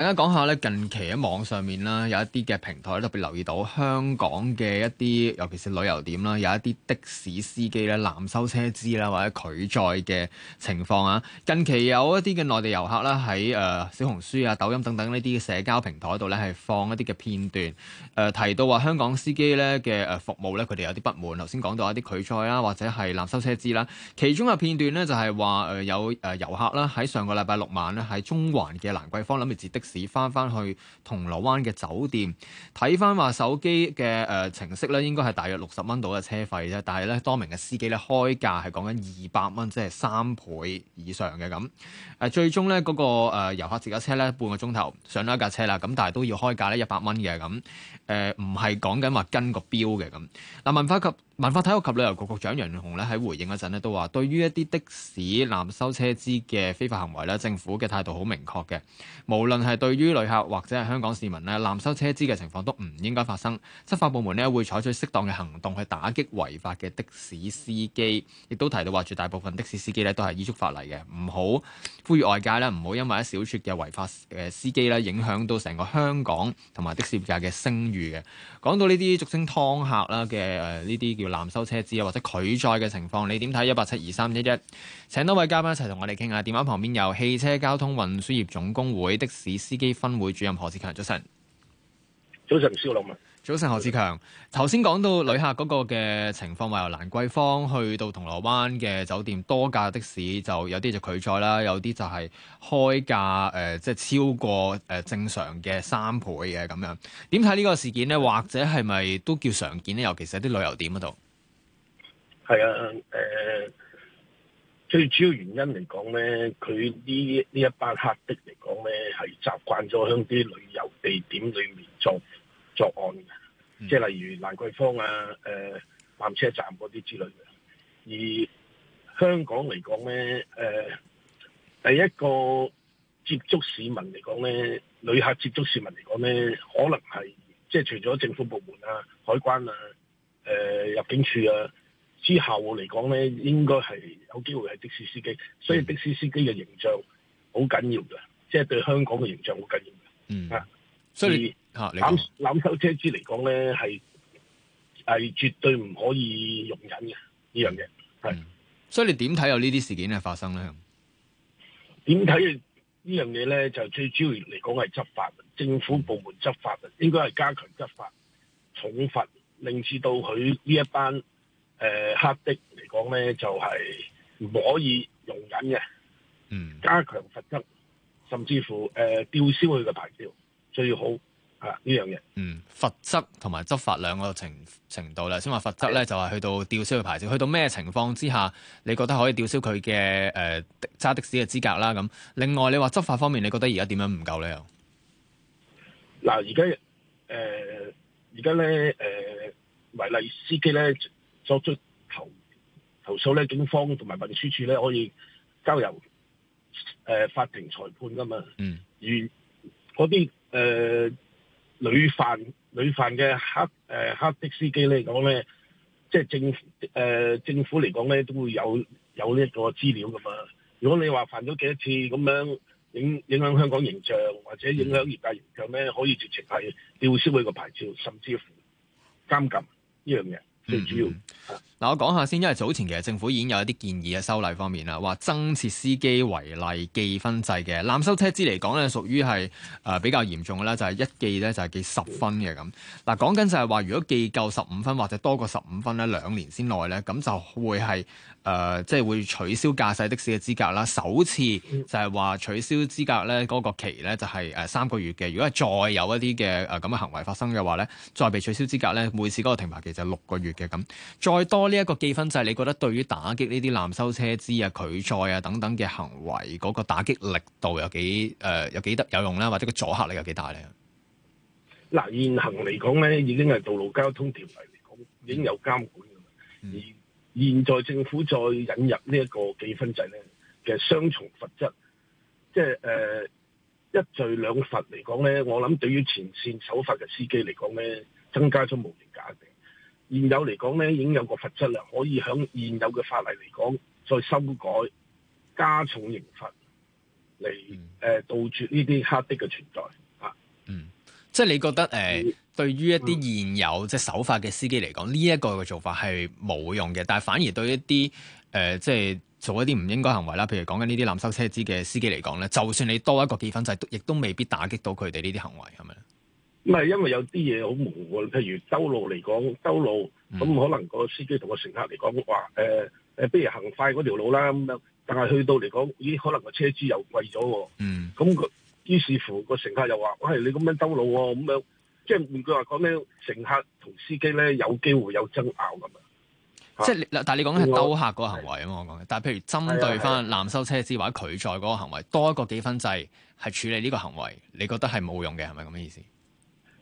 大家講下咧，近期喺網上面啦，有一啲嘅平台特別留意到香港嘅一啲，尤其是旅遊點啦，有一啲的士司機咧，濫收車資啦，或者拒載嘅情況啊。近期有一啲嘅內地遊客啦，喺、呃、誒小紅書啊、抖音等等呢啲社交平台度咧，係放一啲嘅片段，誒、呃、提到話香港司機咧嘅誒服務咧，佢哋有啲不滿。頭先講到一啲拒載啦，或者係濫收車資啦。其中嘅片段咧，就係話誒有誒遊客啦，喺上個禮拜六晚咧，喺中環嘅蘭桂坊諗住截的。只翻翻去銅鑼灣嘅酒店，睇翻話手機嘅程式呢，應該係大約六十蚊度嘅車費啫。但係呢，多名嘅司機呢開價係講緊二百蚊，即係三倍以上嘅咁。最終呢，嗰個誒遊客自己車呢，半個鐘頭上咗一架車啦。咁但係都要開價呢一百蚊嘅咁。唔係講緊話跟個表嘅咁。嗱，文化及文化體育及旅遊局局長楊潤雄咧喺回應嗰陣都話：對於一啲的士濫收車資嘅非法行為呢，政府嘅態度好明確嘅。無論係對於旅客或者係香港市民咧，濫收車資嘅情況都唔應該發生。執法部門呢會採取適當嘅行動去打擊違法嘅的，的士司機。亦都提到話，絕大部分的士司機呢都係依足法例嘅，唔好呼籲外界咧唔好因為一小撮嘅違法司機影響到成個香港同埋的士業界嘅聲譽嘅。講到呢啲俗稱劏客啦嘅誒呢啲叫。濫收車資啊，或者拒載嘅情況，你點睇？一八七二三一一，請多位嘉賓一齊同我哋傾下。電話旁邊有汽車交通運輸業總工會的士司機分會主任何志強，早晨。早晨，少龍。早晨，何志強，頭先講到旅客嗰個嘅情況，話由蘭桂坊去到銅鑼灣嘅酒店，多架的士就有啲就拒載啦，有啲就係開價誒、呃，即係超過誒、呃、正常嘅三倍嘅咁樣。點睇呢個事件呢？或者係咪都叫常見呢？尤其是啲旅遊點嗰度。係啊，誒、呃，最主要原因嚟講咧，佢呢呢一班黑的嚟講咧，係習慣咗向啲旅遊地點裏面做。作案嘅，即係例如蘭桂坊啊、誒、呃、纜車站嗰啲之類嘅。而香港嚟講咧，誒、呃、第一個接觸市民嚟講咧，旅客接觸市民嚟講咧，可能係即係除咗政府部門啊、海關啊、誒、呃、入境處啊之後嚟講咧，應該係有機會係的士司機，所以的士司機嘅形象好緊要嘅，即係對香港嘅形象好緊要嘅。嗯啊，所以，攬濫收車資嚟講咧，係係絕對唔可以容忍嘅，呢樣嘢。係、嗯，所以你點睇有呢啲事件係發生咧？點睇呢樣嘢咧？就最主要嚟講係執法，政府部門執法應該係加強執法，重罰，令至到佢呢一班誒、呃、黑的嚟講咧，就係、是、唔可以容忍嘅。嗯，加強罰則，甚至乎誒、呃、吊銷佢嘅牌照，最好。係、啊、呢樣嘢，嗯，罰則同埋執法兩個程程度啦。先話罰則咧，就係去到吊銷佢牌照，去到咩情況之下，你覺得可以吊銷佢嘅誒揸的士嘅資格啦？咁另外，你話執法方面，你覺得而家點樣唔夠呢？又嗱，而家誒，而家咧誒，為、呃、例司機咧作出投投訴咧，警方同埋運輸署咧可以交由誒、呃、法庭裁判㗎嘛？嗯，而嗰啲誒。呃屢犯、屢犯嘅黑誒、呃、黑的司機嚟講咧，即係政誒政府嚟講咧，都會有有呢一個資料噶嘛。如果你話犯咗幾多次咁樣影，影影響香港形象或者影響業界形象咧，可以直情係吊銷佢個牌照，甚至乎監禁呢樣嘢。最主要嗱，我講下先，因為早前其實政府已經有一啲建議喺修例方面啦，話增設司機違例記分制嘅，濫收車資嚟講咧，屬於係誒、呃、比較嚴重嘅咧，就係、是、一記咧就係記十分嘅咁。嗱，講緊就係話，如果記夠十五分或者多過十五分咧，兩年先內咧，咁就會係誒即係會取消駕駛的士嘅資格啦。首次就係話取消資格咧，嗰個期咧就係誒三個月嘅。如果係再有一啲嘅誒咁嘅行為發生嘅話咧，再被取消資格咧，每次嗰個停牌期就六個月。咁，再多呢一個記分制，你覺得對於打擊呢啲濫收車資啊、拒載啊等等嘅行為，嗰、那個打擊力度有幾誒、呃、有幾得有用咧？或者個阻嚇力有幾大咧？嗱，現行嚟講咧，已經係道路交通條例嚟講已經有監管㗎喇、嗯。而現在政府再引入呢一個記分制咧嘅雙重罰則，即係誒一罪兩罰嚟講咧，我諗對於前線守法嘅司機嚟講咧，增加咗無形壓力。現有嚟講咧，已經有個罰則啦，可以響現有嘅法例嚟講，再修改加重刑罰，嚟誒、嗯呃、杜絕呢啲黑的嘅存在啊。嗯，即係你覺得誒、呃嗯，對於一啲現有即係、就是、守法嘅司機嚟講，呢、這、一個嘅做法係冇用嘅，但係反而對一啲誒即係做一啲唔應該行為啦，譬如講緊呢啲濫收車資嘅司機嚟講咧，就算你多一個記分制，亦都未必打擊到佢哋呢啲行為，係咪？唔係，因為有啲嘢好模糊。譬如兜路嚟講，兜路咁可能個司機同個乘客嚟講話誒誒，不、呃、如、呃呃呃、行快嗰條路啦咁樣。但係去到嚟講，咦？可能個車資又貴咗喎。嗯，咁於是乎個乘客又話，喂、哎，係你咁樣兜路喎、啊，咁樣即係換句話講咩乘客同司機咧有機會有爭拗咁啊。即係但係你講緊係兜客嗰個行為啊嘛，我講嘅。但係譬如針對翻濫收車資或者拒載嗰個行為，多一個記分制係處理呢個行為，你覺得係冇用嘅，係咪咁嘅意思？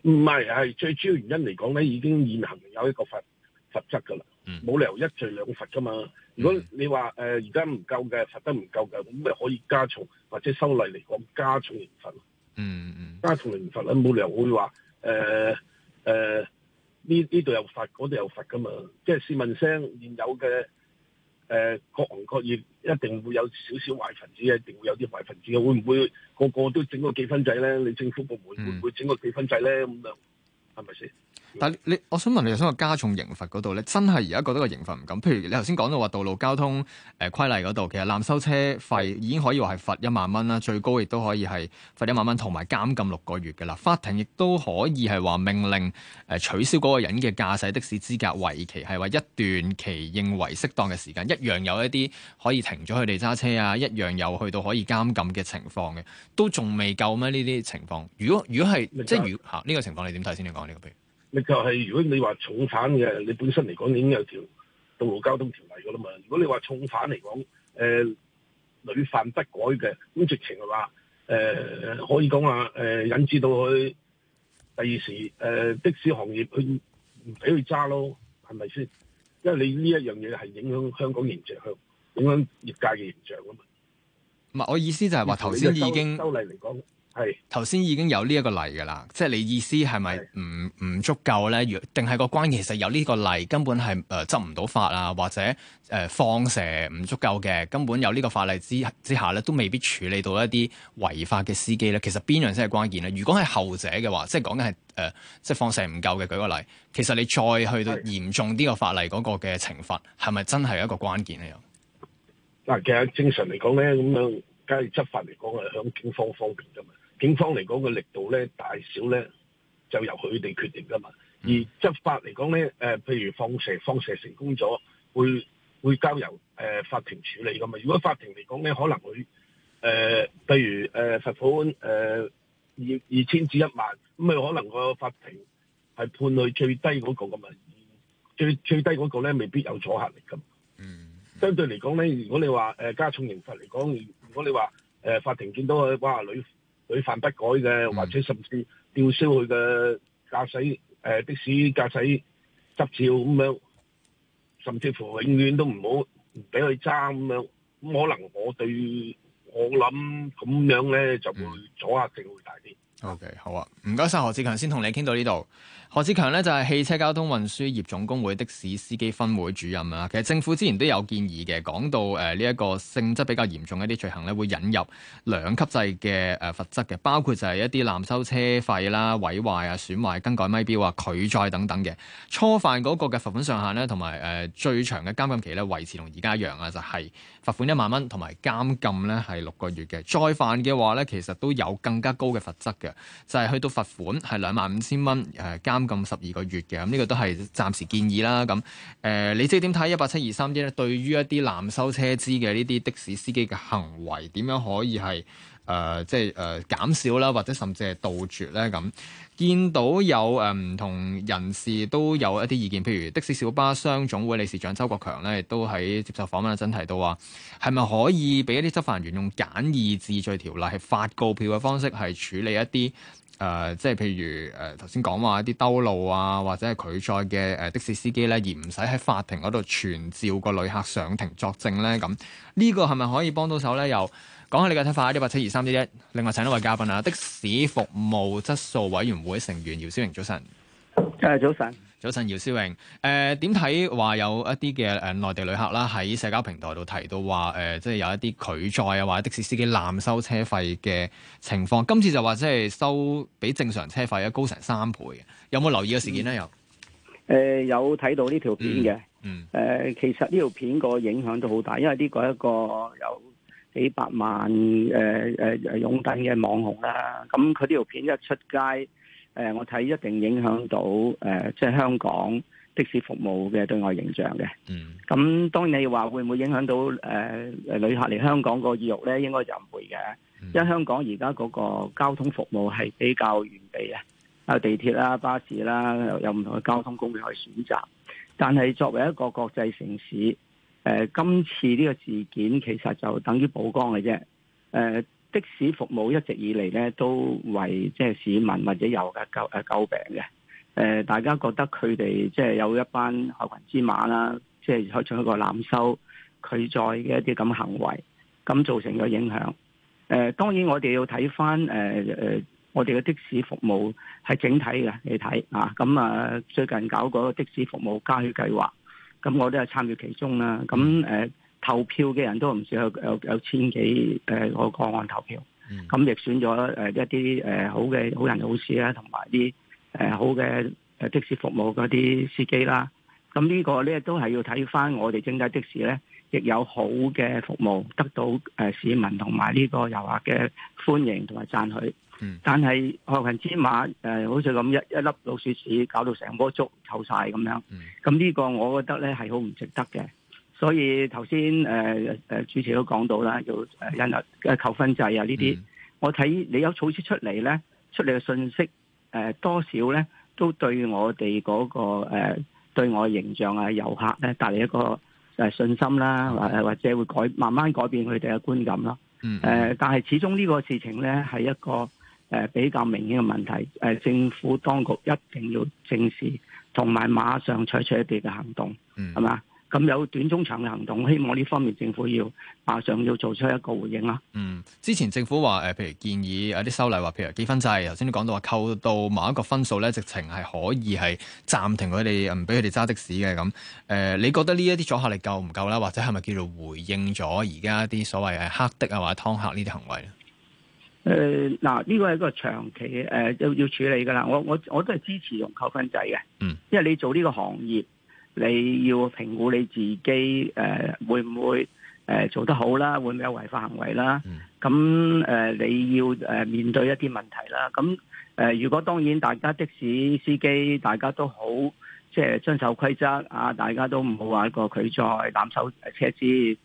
唔係，係最主要原因嚟講咧，已經現行有一個罰罰則㗎啦，冇理由一罪兩罰㗎嘛。如果你話誒而家唔夠嘅，罰得唔夠嘅，咁咪可以加重或者修例嚟講加重刑罰。嗯嗯，加重刑罰，咁冇理由會話誒誒呢呢度有罰，嗰度有罰㗎嘛。即係市民聲現有嘅。誒各行各業，一定會有少少壞分子嘅，一定會有啲壞分子嘅。會唔會個個都整個記分仔咧？你政府部門會唔會整個記分仔咧？咁樣係咪先？嗯是但你，我想問你，你想話加重刑罰嗰度咧，你真係而家覺得個刑罰唔敢。譬如你頭先講到話道路交通誒、呃、規例嗰度，其實濫收車費已經可以話係罰一萬蚊啦，最高亦都可以係罰一萬蚊，同埋監禁六個月嘅啦。法庭亦都可以係話命令誒、呃、取消嗰個人嘅駕駛的，的士資格為，為期係話一段期認為適當嘅時間一樣有一啲可以停咗佢哋揸車啊，一樣有去到可以監禁嘅情況嘅，都仲未夠咩？呢啲情況，如果如果係即係，嚇呢、啊呢個情況你點睇先？你講呢個譬如。你就係如果你話重犯嘅，你本身嚟講已經有條道路交通條例㗎啦嘛。如果你話重犯嚟講，誒、呃，屢犯不改嘅，咁直情係話誒、呃，可以講話誒，引致到佢第二時誒、呃、的士行業去唔俾佢揸咯，係咪先？因為你呢一樣嘢係影響香港形象，影響業界嘅形象啊嘛。唔係，我意思就係話頭先已經。係頭先已經有呢一個例噶啦，即係你意思係咪唔唔足夠咧？若定係個關鍵其實有呢個例，根本係誒、呃、執唔到法啊，或者誒、呃、放射唔足夠嘅，根本有呢個法例之下之下咧，都未必處理到一啲違法嘅司機咧。其實邊樣先係關鍵咧？如果係後者嘅話，即係講緊係誒即係放射唔夠嘅。舉個例，其實你再去到嚴重啲個法例嗰個嘅懲罰，係咪真係一個關鍵呢？又嗱，其實正常嚟講咧，咁樣假如執法嚟講係響警方方面噶嘛。警方嚟講個力度咧，大小咧就由佢哋決定㗎嘛，而執法嚟講咧，誒，譬如放蛇，放蛇成功咗，會會交由、呃、法庭處理㗎嘛。如果法庭嚟講咧，可能佢誒譬如誒罰款誒二二千至一萬，咁啊可能個法庭係判佢最低嗰個㗎嘛，最最低嗰個咧未必有阻嚇力㗎嘛。嗯，相對嚟講咧，如果你話誒加重刑罰嚟講，如果你話、呃、法庭見到啊哇女。呃屢犯不改嘅，或者甚至吊銷佢嘅駕駛誒的士駕駛執照咁樣，甚至乎永遠都唔好唔俾佢揸咁樣，咁可能我對我諗咁樣咧就會阻嚇性會大啲。OK，好啊，唔該晒何志強，先同你傾到呢度。何志強呢，就係汽車交通運輸業總工會的士司機分會主任啊。其實政府之前都有建議嘅，講到誒呢一個性質比較嚴重一啲罪行呢，會引入兩級制嘅誒罰則嘅，包括就係一啲濫收車費啦、毀壞啊、損壞、更改咪錶啊、拒載等等嘅。初犯嗰個嘅罰款上限呢，同埋誒最長嘅監禁期呢，維持同而家一樣啊，就係罰款一萬蚊，同埋監禁呢係六個月嘅。再犯嘅話呢，其實都有更加高嘅罰則嘅。就係、是、去到罰款係兩萬五千蚊，誒監禁十二個月嘅，咁、這、呢個都係暫時建議啦。咁誒、呃，你即係點睇一百七二三呢？對於一啲濫收車資嘅呢啲的士司機嘅行為，點樣可以係？誒、呃，即係誒、呃、減少啦，或者甚至係杜絕咧咁，見到有誒唔、嗯、同人士都有一啲意見，譬如的士小巴商總會理事長周國強咧，亦都喺接受訪問嘅陣提到話，係咪可以俾一啲執法人員用簡易治罪條例係發告票嘅方式係處理一啲誒、呃，即係譬如誒頭先講話一啲兜路啊，或者係拒載嘅誒的、呃、士司機咧，而唔使喺法庭嗰度傳召個旅客上庭作證咧咁，呢、這個係咪可以幫到手咧？又？講下你嘅睇法，一八七二三一一。8, 7, 2, 3, 1, 另外，請一位嘉賓啊，的士服務質素委員會成員姚思榮，早晨。早晨，早晨，姚思榮。誒、呃，點睇話有一啲嘅誒內地旅客啦喺社交平台度提到話誒、呃，即係有一啲拒載啊，或者的士司機濫收車費嘅情況。今次就話即係收比正常車費高成三倍，有冇留意個事件咧？有誒，有睇到呢條片嘅。嗯。誒、呃嗯嗯呃，其實呢條片個影響都好大，因為呢個係一個有。幾百萬誒誒誒擁躉嘅網紅啦，咁佢呢條片一出街，誒、呃、我睇一定影響到誒、呃、即係香港的士服務嘅對外形象嘅。嗯，咁當然你話會唔會影響到誒誒、呃呃、旅客嚟香港個意欲咧？應該就唔會嘅，因為香港而家嗰個交通服務係比較完備嘅，有地鐵啦、啊、巴士啦、啊，有唔同嘅交通工具去選擇。但係作為一個國際城市。誒、呃，今次呢個事件其實就等於曝光嘅啫。誒、呃，的士服務一直以嚟咧都為即係、呃、市民或者有嘅救誒救病嘅。誒、呃，大家覺得佢哋、呃、即係有一班害群之馬啦，即係開創一個濫收拒載嘅一啲咁行為，咁造成咗影響。誒、呃，當然我哋要睇翻誒誒，我哋嘅的，的士服務係整體嘅，你睇啊，咁啊最近搞嗰個的士服務嘉許計劃。咁我都係參與其中啦。咁誒投票嘅人都唔少，有有有千幾誒個個案投票。咁、嗯、亦選咗誒一啲誒好嘅好人好事啦，同埋啲誒好嘅誒的士服務嗰啲司機啦。咁、這、呢個咧都係要睇返我哋整體的士咧，亦有好嘅服務得到誒市民同埋呢個遊客嘅歡迎同埋讚許。 但係害群之馬誒，好似咁一一粒老鼠屎搞到成鍋粥臭晒咁樣，咁呢 個我覺得咧係好唔值得嘅。所以頭先誒誒主持都講到啦，就引入嘅扣分制啊呢啲， 我睇你有措施出嚟咧，出嚟嘅信息誒、呃、多少咧，都對我哋嗰、那個誒、呃、對我形象啊遊客咧，帶嚟一個誒信心啦，或 或者會改慢慢改變佢哋嘅觀感咯。誒、 呃，但係始終呢個事情咧係一個。誒、呃，比較明顯嘅問題，誒、呃，政府當局一定要正視，同埋馬上採取，取一啲嘅行動，係、嗯、嘛？咁有短、中、長嘅行動，希望呢方面政府要馬上要做出一個回應啦。嗯，之前政府話誒、呃，譬如建議有啲修例，話譬如記分制，頭先都講到話扣到某一個分數咧，直情係可以係暫停佢哋，唔俾佢哋揸的士嘅咁。誒、呃，你覺得這些夠夠呢一啲阻吓力夠唔夠啦？或者係咪叫做回應咗而家啲所謂誒黑的啊，或者劏客呢啲行為呢？誒、呃，嗱，呢個係一個長期誒、呃，要要處理噶啦。我我我都係支持用扣分制嘅，嗯，因為你做呢個行業，你要評估你自己誒、呃，會唔會誒、呃、做得好啦？會唔會有違法行為啦？咁、呃、誒、呃呃，你要誒、呃、面對一啲問題啦。咁、呃、誒、呃，如果當然大家的士司機大家都好，即係遵守規則啊、呃，大家都唔好話個拒載、濫收車資誒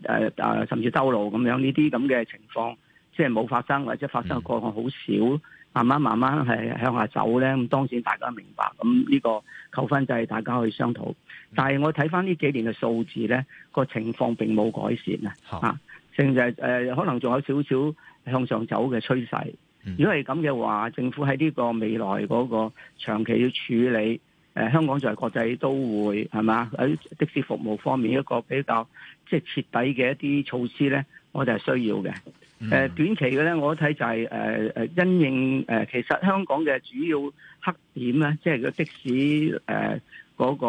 誒誒，甚至兜路咁樣呢啲咁嘅情況。即係冇發生，或者發生嘅個案好少，慢慢慢慢係向下走咧。咁當然大家明白，咁呢個扣分制大家可以商討。但係我睇翻呢幾年嘅數字咧，個情況並冇改善啊。啊，甚至係誒、呃，可能仲有少少向上走嘅趨勢。如果係咁嘅話，政府喺呢個未來嗰個長期要處理誒、呃、香港作為國際都會係嘛，喺的士服務方面一個比較即係、就是、徹底嘅一啲措施咧，我哋係需要嘅。嗯、短期嘅咧，我睇就係、是、誒、呃、因應誒、呃，其實香港嘅主要黑點咧，即係個的士誒嗰、呃那個、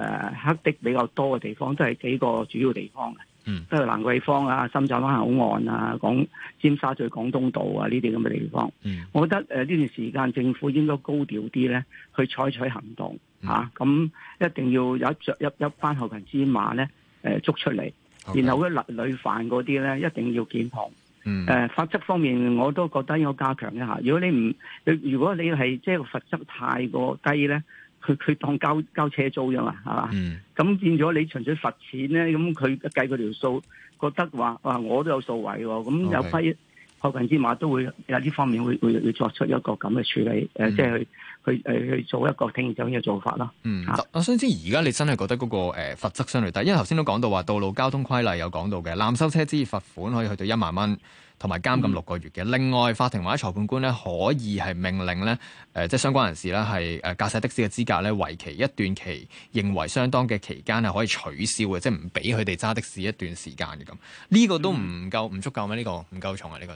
呃、黑的比較多嘅地方，都係幾個主要地方嘅、嗯，都係蘭桂坊啊、深圳灣口岸啊、廣尖沙咀廣東道啊呢啲咁嘅地方、嗯。我覺得呢段時間政府應該高調啲咧，去採取行動嚇，咁、嗯啊、一定要有一一著一班後勤芝麻咧誒捉出嚟，okay. 然後嗰啲累犯嗰啲咧一定要檢控。誒、嗯，法則方面我都覺得要加強一下。如果你唔，如果你係即係罰則太過低咧，佢佢當交交車租啫嘛，係嘛。咁、嗯、變咗你純粹罰錢咧，咁佢計佢條數，覺得話哇我都有數位喎，咁有批。Okay. 靠近之嘛都會有呢方面會會會,會作出一個咁嘅處理，誒、嗯呃、即係去去誒去,去做一個鋌而走險嘅做法咯。嗯，啊、我想知而家你真係覺得嗰、那個誒罰則相對低，因為頭先都講到話道路交通規例有講到嘅，濫收車資罰款可以去到一萬蚊。同埋監禁六個月嘅。另外，法庭或者裁判官咧，可以係命令咧，誒，即係相關人士咧，係誒駕駛的士嘅資格咧，為期一段期，認為相當嘅期間係可以取消嘅，即係唔俾佢哋揸的士一段時間嘅咁。呢個都唔夠，唔足夠咩？呢個、嗯、呢個唔夠，呢個、唔夠重啊？呢個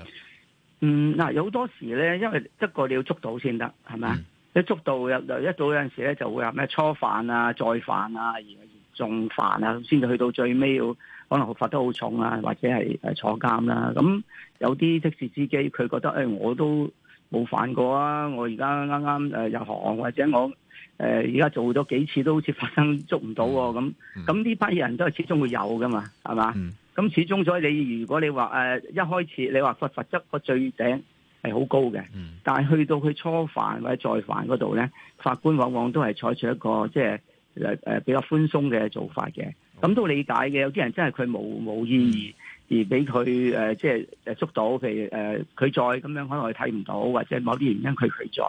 嗯嗱，有好多時咧，因為一個你要捉到先得，係咪啊？一、嗯、捉到又又一到有陣時咧，就會話咩初犯啊、再犯啊、嚴重犯啊，先至去到最尾要可能罰得好重啊，或者係誒坐監啦咁。有啲的士司機佢覺得誒、哎、我都冇犯過啊，我而家啱啱誒入行或者我誒而家做咗幾次都好似發生捉唔到喎、哦、咁，咁呢、嗯、班人都係始終會有㗎嘛，係嘛？咁、嗯、始終所以你如果你話誒一開始你話個罰則個最頂係好高嘅、嗯，但係去到佢初犯或者再犯嗰度咧，法官往往都係採取一個即係誒誒比較寬鬆嘅做法嘅，咁都理解嘅。有啲人真係佢冇冇意義。嗯而俾佢誒，即係誒捉到，譬如誒佢、呃、在咁樣，可能睇唔到，或者某啲原因佢佢在。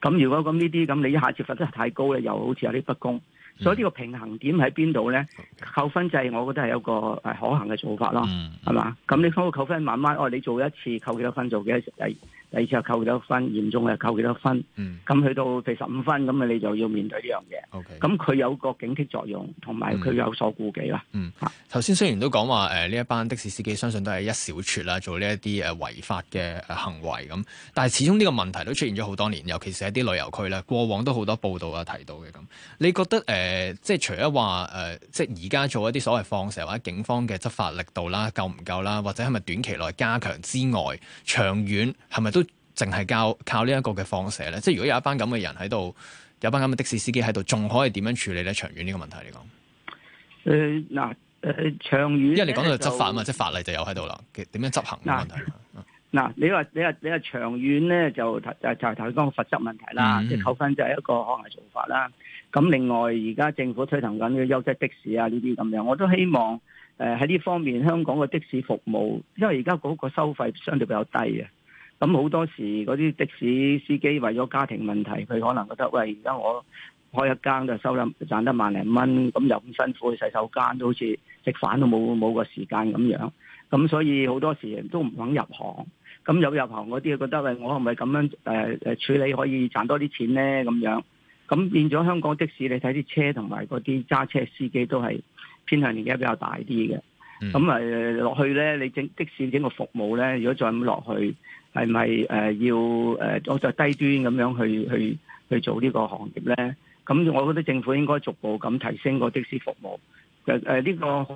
咁如果咁呢啲咁，你一下接罰得太高咧，又好似有啲不公。所以呢個平衡點喺邊度咧？扣分制，我覺得係有個誒可行嘅做法咯，係、mm-hmm. 嘛？咁你通過扣分慢慢，哦，你做一次扣幾多分做，做幾多？第二次又扣幾多分，嚴重嘅扣幾多分，咁、嗯、去到四十五分咁啊，你就要面對呢樣嘢。咁、okay, 佢有個警惕作用，同埋佢有所顧忌啦。嗯，頭、嗯、先雖然都講話誒，呢、呃、一班的士司機相信都係一小撮啦，做呢一啲誒違法嘅行為咁。但係始終呢個問題都出現咗好多年，尤其是一啲旅遊區啦，過往都好多報道啊提到嘅咁。你覺得誒、呃，即係除咗話誒，即係而家做一啲所謂放蛇或者警方嘅執法力度啦，夠唔夠啦，或者係咪短期內加強之外，長遠係咪都？淨係靠靠呢一個嘅放射咧，即係如果有一班咁嘅人喺度，有班咁嘅的士司機喺度，仲可以點樣處理咧？長遠呢個問題嚟講，誒、嗱、呃，誒、呃，長遠，一嚟講到執法啊嘛、呃，即係法例就有喺度啦，其實點樣執行呢個問題。嗱、呃呃，你話你話你話長遠咧，就就係睇翻罰則問題啦，即係扣分就係一個可能做法啦。咁另外，而家政府推行緊嘅優質的士啊，呢啲咁樣，我都希望誒喺呢方面，香港嘅的、的士服務，因為而家嗰個收費相對比較低嘅。咁好多時嗰啲的士司機為咗家庭問題，佢可能覺得喂，而家我開一間就收得賺得萬零蚊，咁又咁辛苦去洗手間，都好似食飯都冇冇個時間咁樣。咁所以好多時都唔肯入行。咁有入行嗰啲覺得喂，我係咪咁樣誒誒、呃、處理可以賺多啲錢咧？咁樣咁變咗香港的士，你睇啲車同埋嗰啲揸車司機都係偏向年紀比較大啲嘅。咁誒落去咧，你整的士整個服務咧，如果再咁落去。係咪誒要誒？我、呃、就低端咁樣去去去做呢個行業咧？咁我覺得政府應該逐步咁提升個的士服務。誒、呃、誒，呢、呢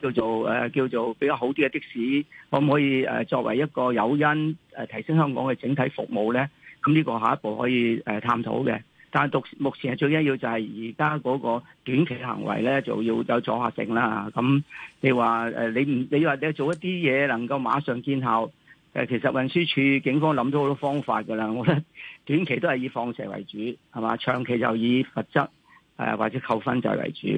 個叫做誒、呃、叫做比較好啲嘅的，的士，可唔可以誒、呃、作為一個誘因誒、呃、提升香港嘅整體服務咧？咁呢個下一步可以誒、呃、探討嘅。但係讀目前係最緊要就係而家嗰個短期行為咧，就要有阻嚇性啦。咁你話誒、呃、你唔你話你做一啲嘢能夠馬上見效？誒，其實運輸處警方諗咗好多方法㗎喇，我覺得短期都係以放蛇為主，係嘛？長期就以罰則誒或者扣分制為主。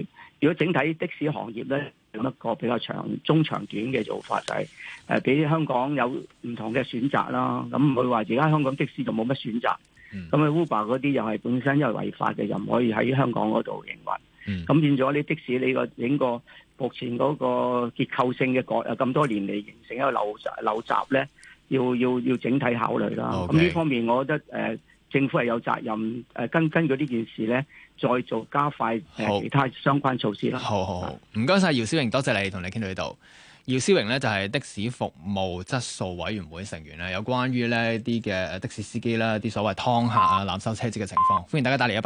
如果整體的士行業咧，諗一個比較長中長短嘅做法，就是，就係誒俾香港有唔同嘅選擇啦。咁唔會話而家香港的士就冇乜選擇。咁啊 Uber 嗰啲又係本身因為違法嘅，又唔可以喺香港嗰度營運。咁、嗯、變咗你的士你個整個目前嗰個結構性嘅改，誒咁多年嚟形成一個陋陋習咧。要要要整體考慮啦。咁、okay. 呢方面，我覺得誒、呃、政府係有責任誒、呃、根根據呢件事咧，再做加快誒、呃、其他相關措施啦。好好好，唔該晒姚思榮，多謝,謝你同你傾到呢度。姚思榮咧就係、是、的士服務質素委員會成員啦，有關於咧一啲嘅的士司機啦，啲所謂劏客啊、濫收車資嘅情況，歡迎大家打嚟一。